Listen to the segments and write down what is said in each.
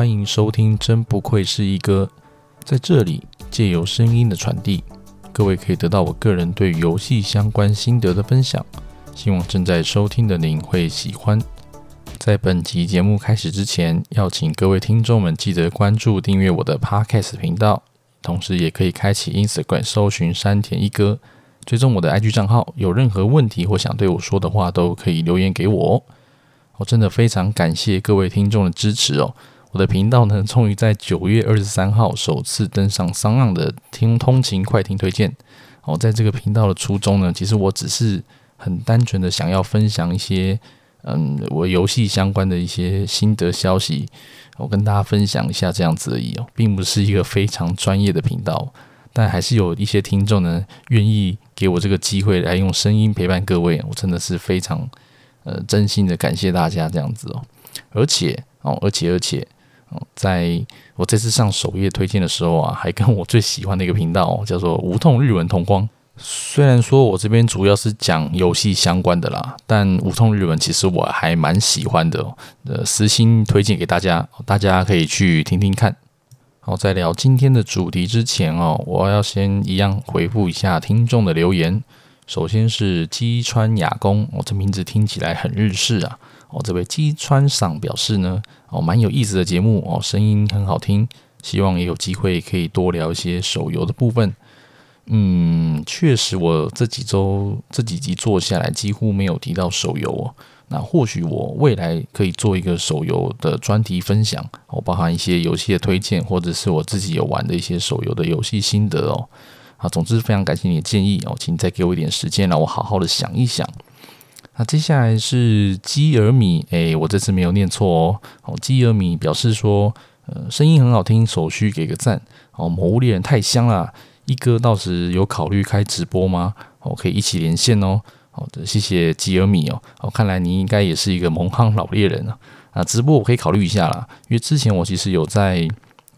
歡迎收聽，真不愧是一哥，在這裡借由聲音的傳遞，各位可以得到我個人對遊戲相關心得的分享，希望正在收聽的您會喜歡。在本集節目開始之前，要請各位聽眾們記得關注、訂閱我的 Podcast 頻道，同時也可以開啟 Instagram，搜尋山田一哥，追蹤我的 IG 賬號。有任何問題或想對我說的話，都可以留言給我哦。我真的非常感謝各位聽眾的支持哦。我的頻道呢，終於在九月二十三號首次登上聲浪的聽通勤快聽推薦。哦，在這個頻道的初衷呢，其實我只是很單純的想要分享一些，嗯，我遊戲相關的一些心得消息，我、哦、跟大家分享一下這樣子而已哦，並不是一個非常專業的頻道，但還是有一些聽眾呢願意給我這個機會來用聲音陪伴各位，我真的是非常呃真心的感謝大家這樣子哦，而且哦，而且而且。在我這次上首頁推薦的時候啊，還跟我最喜歡的一個頻道、哦、叫做“無痛日文同框”。雖然說我這邊主要是講遊戲相關的啦，但無痛日文其實我還蠻喜歡的、哦，呃，私心推薦給大家，大家可以去聽聽看。好，在聊今天的主題之前哦，我要先一樣回覆一下聽眾的留言。首先是姬川雅弓，我這名字聽起來很日式啊。哦，這位姬川尚表示呢，哦，蠻有意思的節目哦，聲音很好聽，希望也有機會可以多聊一些手遊的部分。嗯，確實我這幾周這幾集做下來幾乎沒有提到手遊哦，那或許我未來可以做一個手遊的專題分享，哦，包含一些遊戲的推薦或者是我自己有玩的一些手遊的遊戲心得哦。啊、哦，總之非常感謝你的建議哦，請你再給我一點時間，讓我好好的想一想。那接下來是基爾米，哎、欸，我這次沒有念錯哦。哦，基爾米表示說，呃，聲音很好聽，手續給個讚。哦，魔物獵人太香了，一哥到時有考慮開直播嗎？我可以一起連線哦。好的，謝謝基爾米哦。哦，看來你應該也是一個蒙漢老獵人啊，直播我可以考慮一下啦，因為之前我其實有在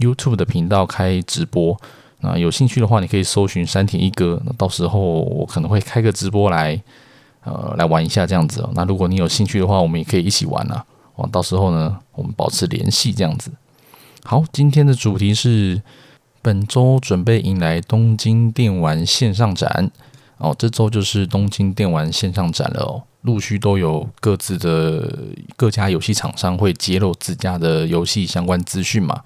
YouTube 的頻道開直播。啊，有興趣的話，你可以搜尋山田一哥，那到時候我可能會開個直播來。呃，來玩一下這樣子哦。那如果你有興趣的話，我們也可以一起玩啊。哦，到時候呢，我們保持聯繫這樣子。好，今天的主題是本周準備迎來東京電玩線上展哦。這周就是東京電玩線上展了哦。陸續都有各自的各家遊戲廠商會揭露自家的遊戲相關資訊嘛。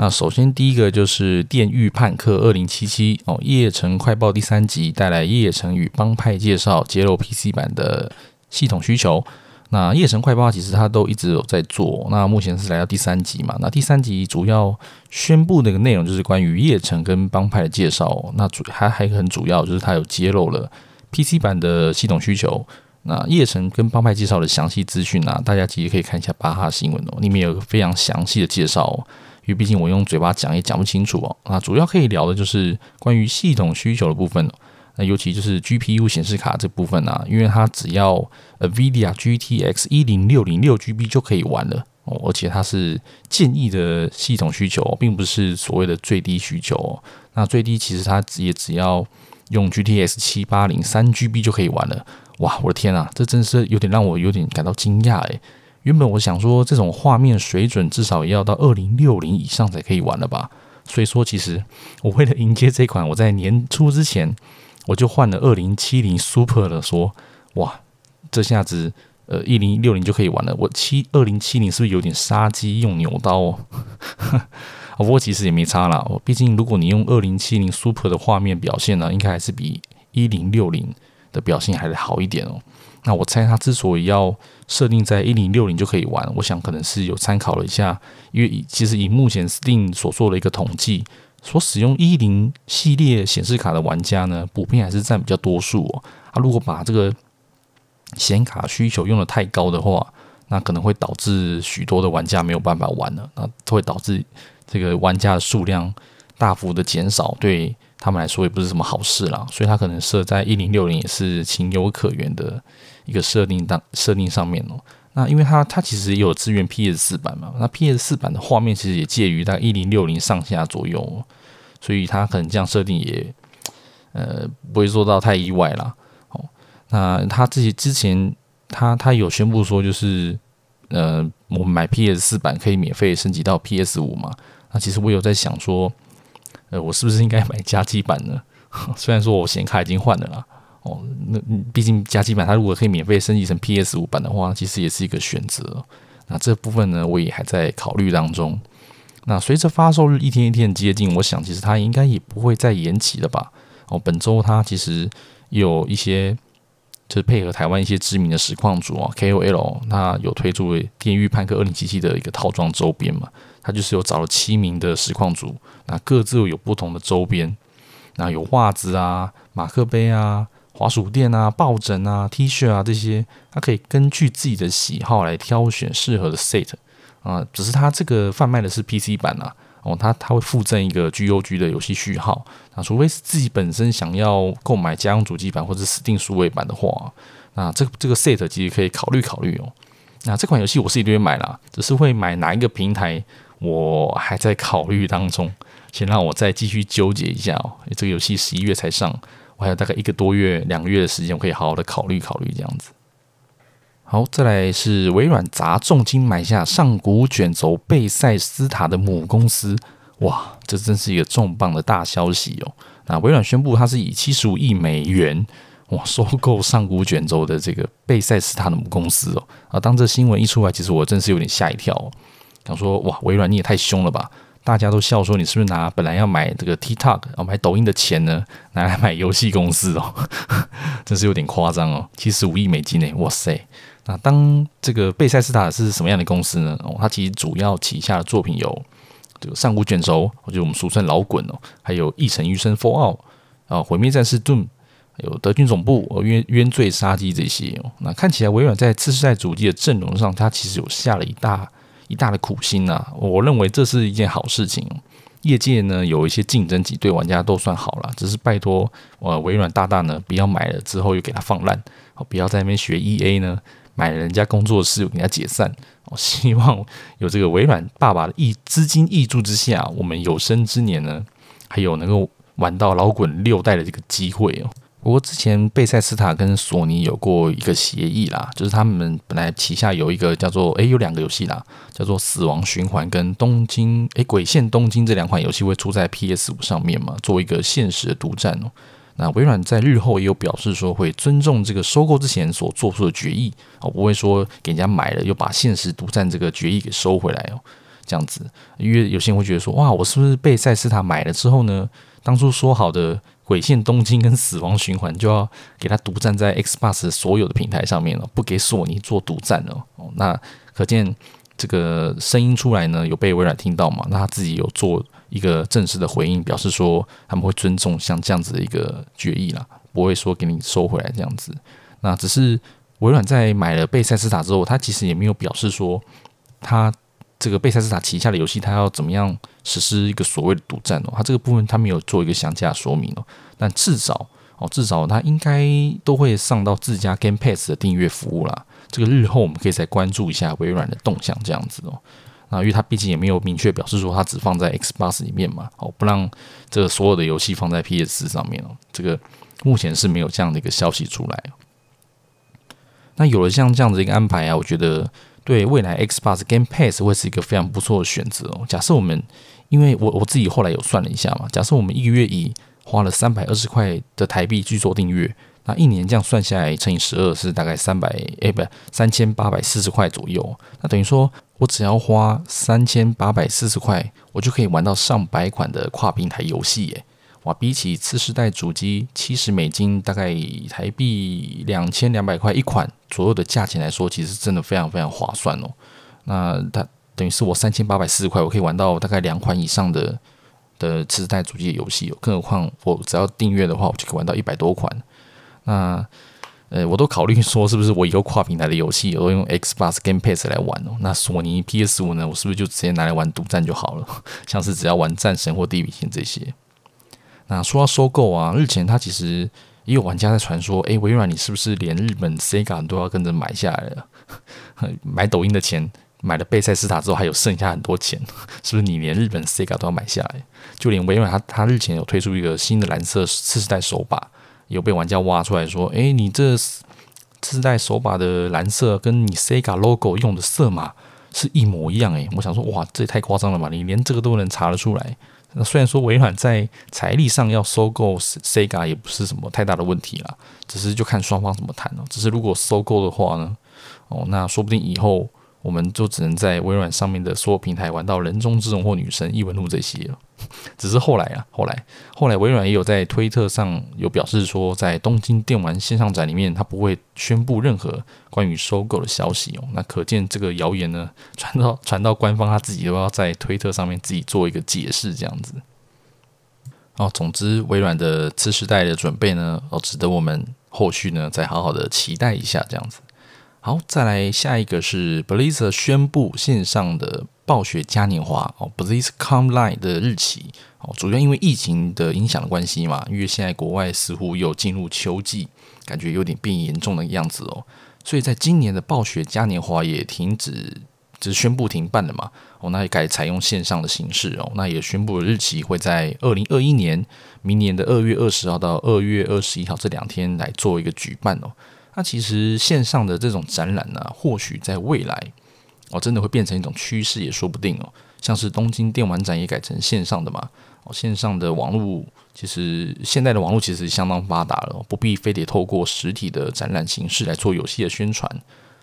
那首先第一個就是《電馭叛客2077》哦，《夜城快報》第三集帶來《夜城》與幫派介紹，揭露 PC 版的系統需求。那《夜城快報》其實它都一直有在做。那目前是來到第三集嘛？那第三集主要宣布的一個內容就是關於《夜城》跟幫派的介紹。那主還還很主要就是它有揭露了 PC 版的系統需求。那《夜城》跟幫派介紹的詳細資訊啊，大家其實可以看一下巴哈新聞哦、喔，裡面有個非常詳細的介紹、喔。因為畢竟我用嘴巴講也講不清楚哦，啊，主要可以聊的就是關於系統需求的部分、哦，那尤其就是 GPU 顯示卡這部分呢、啊，因為它只要呃 NVIDIA GTX 一零六零六 GB 就可以玩了哦，而且它是建議的系統需求、哦，並不是所謂的最低需求、哦。那最低其實它也只要用 GTX 七八零三 GB 就可以玩了。哇，我的天啊，這真的是有點讓我有點感到驚訝哎。原本我想說，這種畫面水準至少也要到二零六零以上才可以玩了吧？所以說，其實我為了迎接這款，我在年初之前我就換了二零七零 Super 了。說哇，這下子呃一零六零就可以玩了。我七二零七零是不是有點殺雞用牛刀哦？ 不過其實也沒差啦，我畢竟如果你用二零七零 Super 的畫面表現呢，應該還是比一零六零的表現還是好一點哦。那我猜他之所以要設定在一零六零就可以玩，我想可能是有參考了一下，因為其實以目前 Steam 所做的一個統計，所使用一零系列顯示卡的玩家呢，普遍還是佔比較多數哦。啊，如果把這個顯卡需求用得太高的話，那可能會導致許多的玩家沒有辦法玩了，那都會導致這個玩家的數量大幅的減少，對。他們來說也不是什麼好事啦，所以他可能設在一零六零也是情有可原的一個設定當設定上面哦。那因為它它其實也有支援 P S 四版嘛，那 P S 四版的畫面其實也介於在一零六零上下左右，所以它可能這樣設定也呃不會做到太意外啦。哦，那他自己之前他他有宣布說就是呃，我們買 P S 四版可以免費升級到 P S 五嘛。那其實我有在想說。呃，我是不是應該買家機版呢？雖然說我顯卡已經換了啦，哦，那畢竟家機版它如果可以免費升級成 PS 五版的話，其實也是一個選擇。那這部分呢，我也還在考慮當中。那隨着發售日一天一天的接近，我想其實它應該也不會再延期了吧？哦，本周它其實也有一些就是配合台灣一些知名的實況主啊 KOL，它有推出電馭叛客2077的一個套裝周邊嘛。他就是有找了七名的實況組，那各自有不同的周邊，那有襪子啊、馬克杯啊、滑鼠墊啊、抱枕啊、T 恤啊這些，他可以根據自己的喜好來挑選適合的 set 啊。只是他這個販賣的是 PC 版啊，哦，他他會附贈一個 GOG 的遊戲序號。那除非是自己本身想要購買家用主機版或者 Steam 數位版的話，啊，那這個、這個 set 其實可以考慮考慮哦。那這款遊戲我是一定會買啦，只是會買哪一個平台，我還在考慮當中，先讓我再繼續糾結一下哦。這個遊戲十一月才上，我還有大概一個多月、兩個月的時間，我可以好好的考慮考慮這樣子。好，再來是微軟砸重金買下上古卷軸貝塞斯塔的母公司，哇，這真是一個重磅的大消息哦！那微軟宣布，它是以七十五億美元哇收購上古卷軸的這個貝塞斯塔的母公司哦。啊，當這新聞一出來，其實我真是有點嚇一跳喔想說哇，微軟你也太凶了吧！大家都笑說你是不是拿本來要買這個 TikTok 哦、啊，買抖音的錢呢，拿來買遊戲公司哦呵呵，真是有點誇張哦。七十五億美金呢，哇塞！那當這個貝塞斯塔是什麼樣的公司呢？哦，它其實主要旗下的作品有這個上古卷軸，我覺得我們俗稱老滾哦，還有異塵餘生 Fallout 啊、毀滅戰士 Doom，還有德軍總部、冤冤罪殺機這些哦。那看起來微軟在次世代主機的陣容上，它其實有下了一大一大的苦心吶、啊，我認為這是一件好事情。業界呢，有一些競爭，及對玩家都算好了。只是拜托，呃，微軟大大呢，不要買了之後又給他放爛，哦、不要在那邊學 EA 呢，買了人家工作室又給他解散。我、哦、希望有這個微軟爸爸的意資金挹注之下，我們有生之年呢，還有能夠玩到老滾六代的這個機會哦。不過之前貝塞斯塔跟索尼有過一個協議啦，就是他們本來旗下有一個叫做誒、欸，有兩個遊戲啦，叫做《死亡循環》跟《東京》誒，鬼線東京》這兩款遊戲會出在 PS 五上面嘛，做一個限時的獨佔哦。那微軟在日後也有表示說會尊重這個收購之前所做出的決議哦、喔，不會說給人家買了又把限時獨佔這個決議給收回來哦、喔。這樣子，因為有些人會覺得說哇，我是不是貝塞斯塔買了之後呢？當初說好的。《鬼線東京》跟《死亡循環》就要給他獨占在 Xbox 所有的平台上面了，不給索尼做獨占了。那可見這個聲音出來呢，有被微軟聽到嘛？那他自己有做一個正式的回應，表示說他們會尊重像這樣子的一個決議啦，不會說給你收回來這樣子。那只是微軟在買了貝塞斯塔之後，他其實也沒有表示說他。這個貝塞斯塔旗下的遊戲，它要怎麼樣實施一個所謂的獨佔呢？它這個部分，它沒有做一個詳加的說明哦。但至少哦，至少它應該都會上到自家 Game Pass 的訂閱服務啦。這個日後我們可以再關注一下微軟的動向，這樣子哦。啊，因為它畢竟也沒有明確表示說它只放在 Xbox 裡面嘛，哦，不讓這個所有的遊戲放在 PS4 上面哦。這個目前是沒有這樣的一個消息出來。那有了像這樣的一個安排啊，我覺得。對未來 Xbox Game Pass 會是一個非常不錯的選擇哦，假設我們，因為我我自己後來有算了一下嘛，假設我們一個月以花了三百二十塊的台幣去做訂閱，那一年這樣算下來乘以十二是大概三百，哎，不，三千八百四十塊左右。那等於說，我只要花三千八百四十塊，我就可以玩到上百款的跨平台遊戲耶。啊，比起次世代主機七十美金，大概台幣兩千兩百塊一款左右的價錢來說，其實真的非常非常划算哦。那它等於是我三千八百四十塊，我可以玩到大概兩款以上的的次世代主機的遊戲哦。更何況我只要訂閱的話，我就可以玩到一百多款。那呃，我都考慮說，是不是我以後跨平台的遊戲，我都用 Xbox Game Pass 來玩哦？那索尼 PS 五呢，我是不是就直接拿來玩獨占就好了？像是只要玩戰神或地平線這些。那說到收購啊，日前他其實也有玩家在傳說，誒、欸，微軟你是不是連日本 Sega 都要跟着買下來了？ 買抖音的錢買了貝塞斯塔之後，還有剩下很多錢， 是不是你連日本 Sega 都要買下來？就連微軟，他它日前有推出一個新的藍色次世代手把，有被玩家挖出來說，誒、欸，你這次世代手把的藍色跟你 Sega logo 用的色碼是一模一樣誒、欸，我想說，哇，這也太誇張了吧？你連這個都能查得出來？那雖然說微軟在財力上要收購 Sega 也不是什麼太大的問題啦，只是就看雙方怎麼談了，只是如果收購的話呢，哦，那說不定以後。我們就只能在微軟上面的所有平台玩到人中之龍或女神異聞錄這些了。只是後來啊，後來，後來微軟也有在推特上有表示說，在東京電玩線上展裡面，他不會宣布任何關於收購的消息哦。那可見這個謠言呢，傳到傳到官方他自己都要在推特上面自己做一個解釋這樣子。哦，總之微軟的次世代的準備呢，哦，值得我們後續呢再好好的期待一下這樣子。好，再來下一個是 Blizzard 宣布線上的暴雪嘉年華哦，BlizzConline 的日期哦，主要因為疫情的影響的關係嘛，因為現在國外似乎又進入秋季，感覺有點變嚴重的樣子哦，所以在今年的暴雪嘉年華也停止，就是宣布停辦了嘛，哦，那也改採用線上的形式哦，那也宣布的日期會在二零二一年明年的二月二十號到二月二十一號這兩天來做一個舉辦哦。那其實線上的這種展覽呢、啊，或許在未來哦，真的會變成一種趨勢也說不定哦。像是東京電玩展也改成線上的嘛，哦，線上的網絡其實現在的網絡其實相當發達了，不必非得透過實體的展覽形式來做遊戲的宣傳，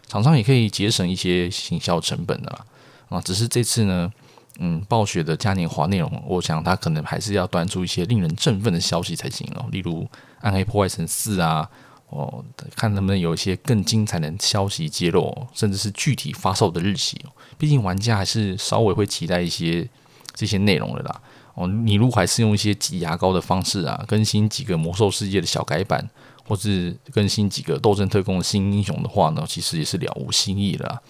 廠商也可以節省一些行銷成本的嘛。啊，只是這次呢，嗯，暴雪的嘉年華內容，我想它可能還是要端出一些令人振奮的消息才行哦，例如《暗黑破壞神四》啊。哦，看能不能有一些更精彩的消息揭露，甚至是具體發售的日期。畢竟玩家還是稍微會期待一些這些內容的啦。哦，你如果還是用一些擠牙膏的方式啊，更新幾個魔獸世界的小改版，或是更新幾個鬥陣特攻的新英雄的話呢，其實也是了無新意了。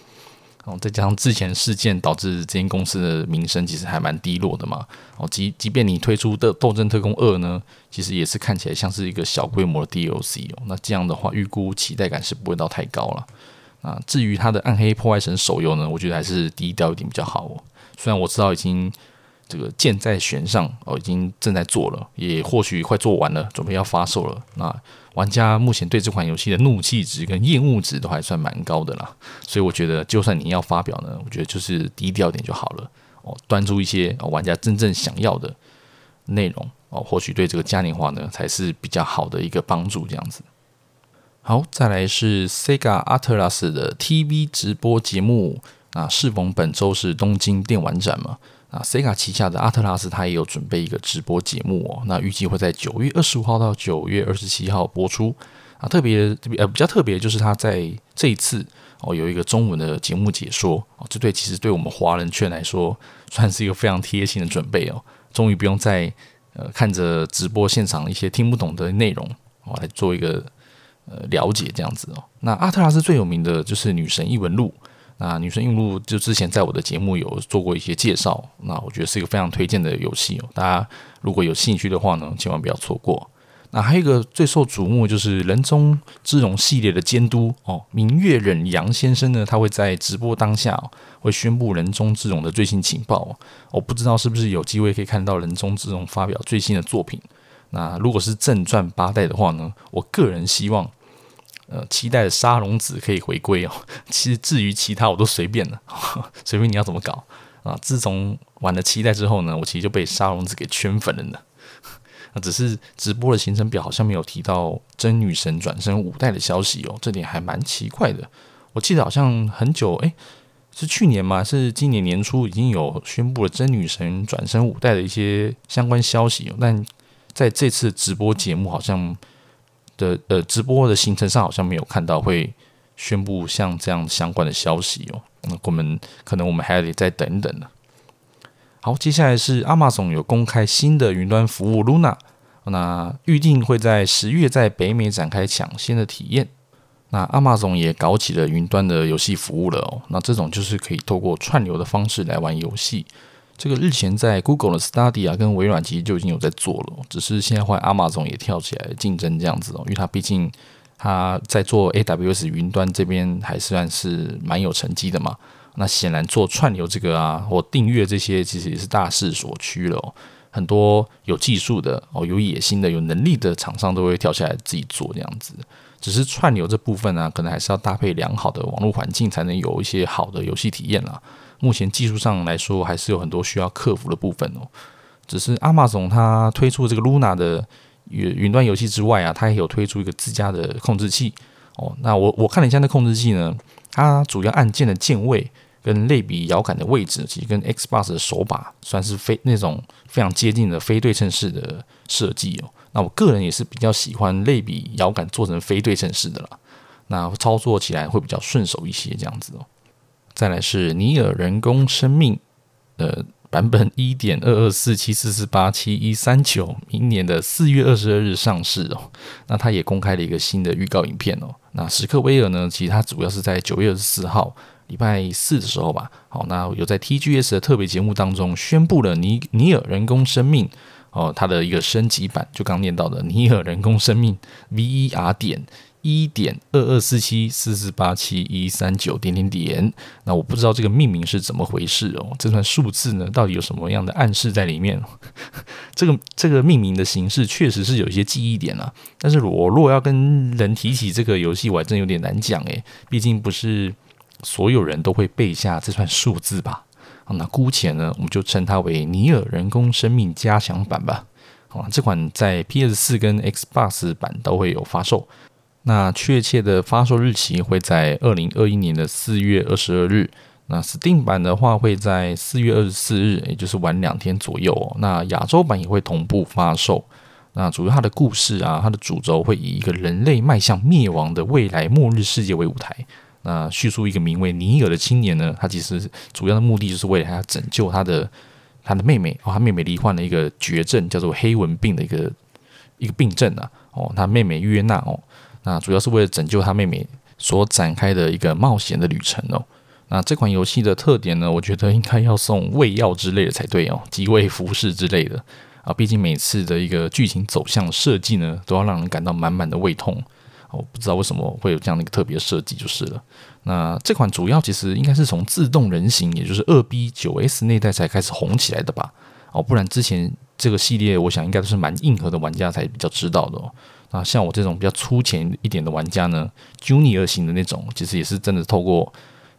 哦，再加上之前事件導致這間公司的名聲其實還蠻低落的嘛。哦，即即便你推出的《鬥陣特攻二》呢，其實也是看起來像是一個小規模的 DLC 哦。那這樣的話，預估期待感是不會到太高了。啊，至於它的《暗黑破壞神》手遊呢，我覺得還是低調一點比較好哦。雖然我知道已經這個箭在弦上哦，已經正在做了，也或許快做完了，準備要發售了。那玩家目前對這款遊戲的怒氣值跟厭惡值都還算蠻高的啦，所以我覺得就算你要發表呢，我覺得就是低調點就好了哦，端出一些玩家真正想要的內容哦，或許對這個嘉年華呢才是比較好的一個幫助這樣子。好，再來是 SEGA ATLUS 的 TV 直播節目啊，適逢本周是東京電玩展嘛。啊，SEGA 旗下的阿特拉斯他也有準備一個直播節目哦，那預計會在九月二十五號到九月二十七號播出。啊，特別呃比較特別就是他在這一次哦有一個中文的節目解說哦，這對其實對我們華人圈來說算是一個非常貼心的準備哦，終於不用再呃看着直播現場一些聽不懂的內容，哦，來做一個呃了解這樣子哦。那阿特拉斯最有名的就是《女神異聞錄》。那《女神異聞錄》就之前在我的節目有做過一些介紹，那我覺得是一個非常推薦的遊戲哦，大家如果有興趣的話呢，千萬不要錯過。那還有一個最受矚目就是《人中之龍》系列的監督哦，名越稔洋先生呢，他會在直播當下、哦、會宣布《人中之龍》的最新情報、哦。我不知道是不是有機會可以看到《人中之龍》發表最新的作品。那如果是正傳八代的話呢，我個人希望。呃，期待的沙龍子可以回歸哦。其實至於其他，我都隨便了呵呵，隨便你要怎麼搞啊！自從玩了期待之後呢，我其實就被沙龍子給圈粉了呢。啊，只是直播的行程表好像沒有提到真女神轉生五代的消息哦，這點還蠻奇怪的。我記得好像很久，誒，是去年嘛？是今年年初已經有宣布了真女神轉生五代的一些相關消息，哦。但在這次直播節目好像。的呃，直播的行程上好像沒有看到會宣布像這樣相關的消息哦。那我們可能我們還得再等等呢。好，接下來是 Amazon 有公開新的雲端服務 Luna，那預定會在十月在北美展開搶先的體驗。那 Amazon 也搞起了雲端的遊戲服務了哦。那這種就是可以透過串流的方式來玩遊戲。這個日前在 Google 的 Stadia 啊，跟微軟其實就已經有在做了，只是現在換 Amazon 也跳起來競爭這樣子哦，因為它畢竟它在做 AWS 雲端這邊還算是蠻有成績的嘛。那顯然做串流這個啊，或訂閱這些，其實也是大勢所趨了哦。很多有技術的、哦有野心的、有能力的廠商都會跳起來自己做這樣子。只是串流這部分啊，可能還是要搭配良好的網絡環境，才能有一些好的遊戲體驗啦。目前技術上來說，還是有很多需要克服的部分哦。只是 Amazon 它推出這個 Luna 的雲雲端遊戲之外啊，它也有推出一個自家的控制器哦。那我我看了一下那控制器呢，它主要按鍵的鍵位跟類比搖桿的位置，其實跟 Xbox 的手把算是非那種非常接近的非對稱式的設計哦。那我個人也是比較喜歡類比搖桿做成非對稱式的啦，那操作起來會比較順手一些這樣子哦。再來是《尼爾：人工生命》呃，版本一點二二四七四四八七一三九，明年的四月二十二日上市哦。那它也公開了一個新的預告影片哦。那史克威爾呢？其實它主要是在九月二十四號，禮拜四的時候吧。好，那有在 TGS 的特別節目當中宣布了《尼尼爾：人工生命》哦，它的一個升級版，就剛念到的《尼爾：人工生命》VER 點。一點二二四七四四八七一三九點點點。那我不知道這個命名是怎麼回事哦，這串數字呢，到底有什麼樣的暗示在裡面？這個這個命名的形式確實是有一些記憶點啊。但是我如果要跟人提起這個遊戲，我還真的有點難講誒，畢竟不是所有人都會背下這串數字吧？那姑且呢，我們就稱它為《尼爾：人工生命》加強版吧。好，這款在 PS 四跟 Xbox 版都會有發售。那確切的發售日期會在二零二一年的四月二十二日。那 Steam 版的話會在四月二十四日，也就是晚兩天左右，哦。那亞洲版也會同步發售。那主要它的故事啊，它的主軸會以一個人類邁向滅亡的未來末日世界為舞台。那敘述一個名為尼爾的青年呢，他其實主要的目的就是為了他要拯救他的他的妹妹哦，他妹妹罹患了一個絕症，叫做黑文病的一個一個病症啊。哦，他妹妹約娜哦。那主要是為了拯救他妹妹所展開的一個冒險的旅程哦。那這款遊戲的特點呢，我覺得應該要送胃藥之類的才對哦，吉胃福適之類的啊。畢竟每次的一個劇情走向設計呢，都要讓人感到滿滿的胃痛。我不知道為什麼會有這樣的一個特別設計就是了。那這款主要其實應該是從自動人形，也就是二 B 九 S 那代才開始紅起來的吧？哦，不然之前這個系列，我想應該都是蠻硬核的玩家才比較知道的哦。啊，像我這種比較粗淺一點的玩家呢，Junior 型的那種，其實也是真的透過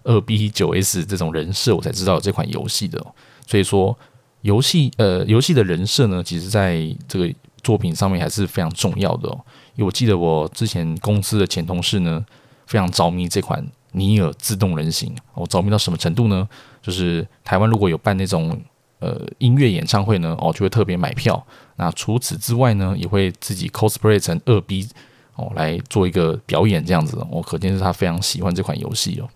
二 B 九 S 這種人設，我才知道這款遊戲的。所以說，遊戲呃，遊戲的人設呢，其實在這個作品上面還是非常重要的。因為我記得我之前公司的前同事呢，非常着迷這款《尼爾：自動人形》，我着迷到什麼程度呢？就是台灣如果有辦那種。呃，音樂演唱會呢，哦，就會特別買票。那除此之外呢，也會自己 cosplay 成 2B 哦，來做一個表演這樣子。我、哦、可見是他非常喜歡這款遊戲哦。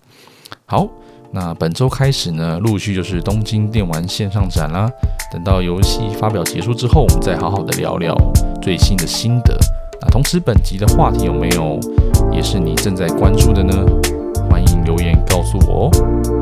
好，那本周開始呢，陸續就是東京電玩線上展啦。等到遊戲發表結束之後，我們再好好的聊聊最新的心得。那同時，本集的話題有沒有也是你正在關注的呢？歡迎留言告訴我哦。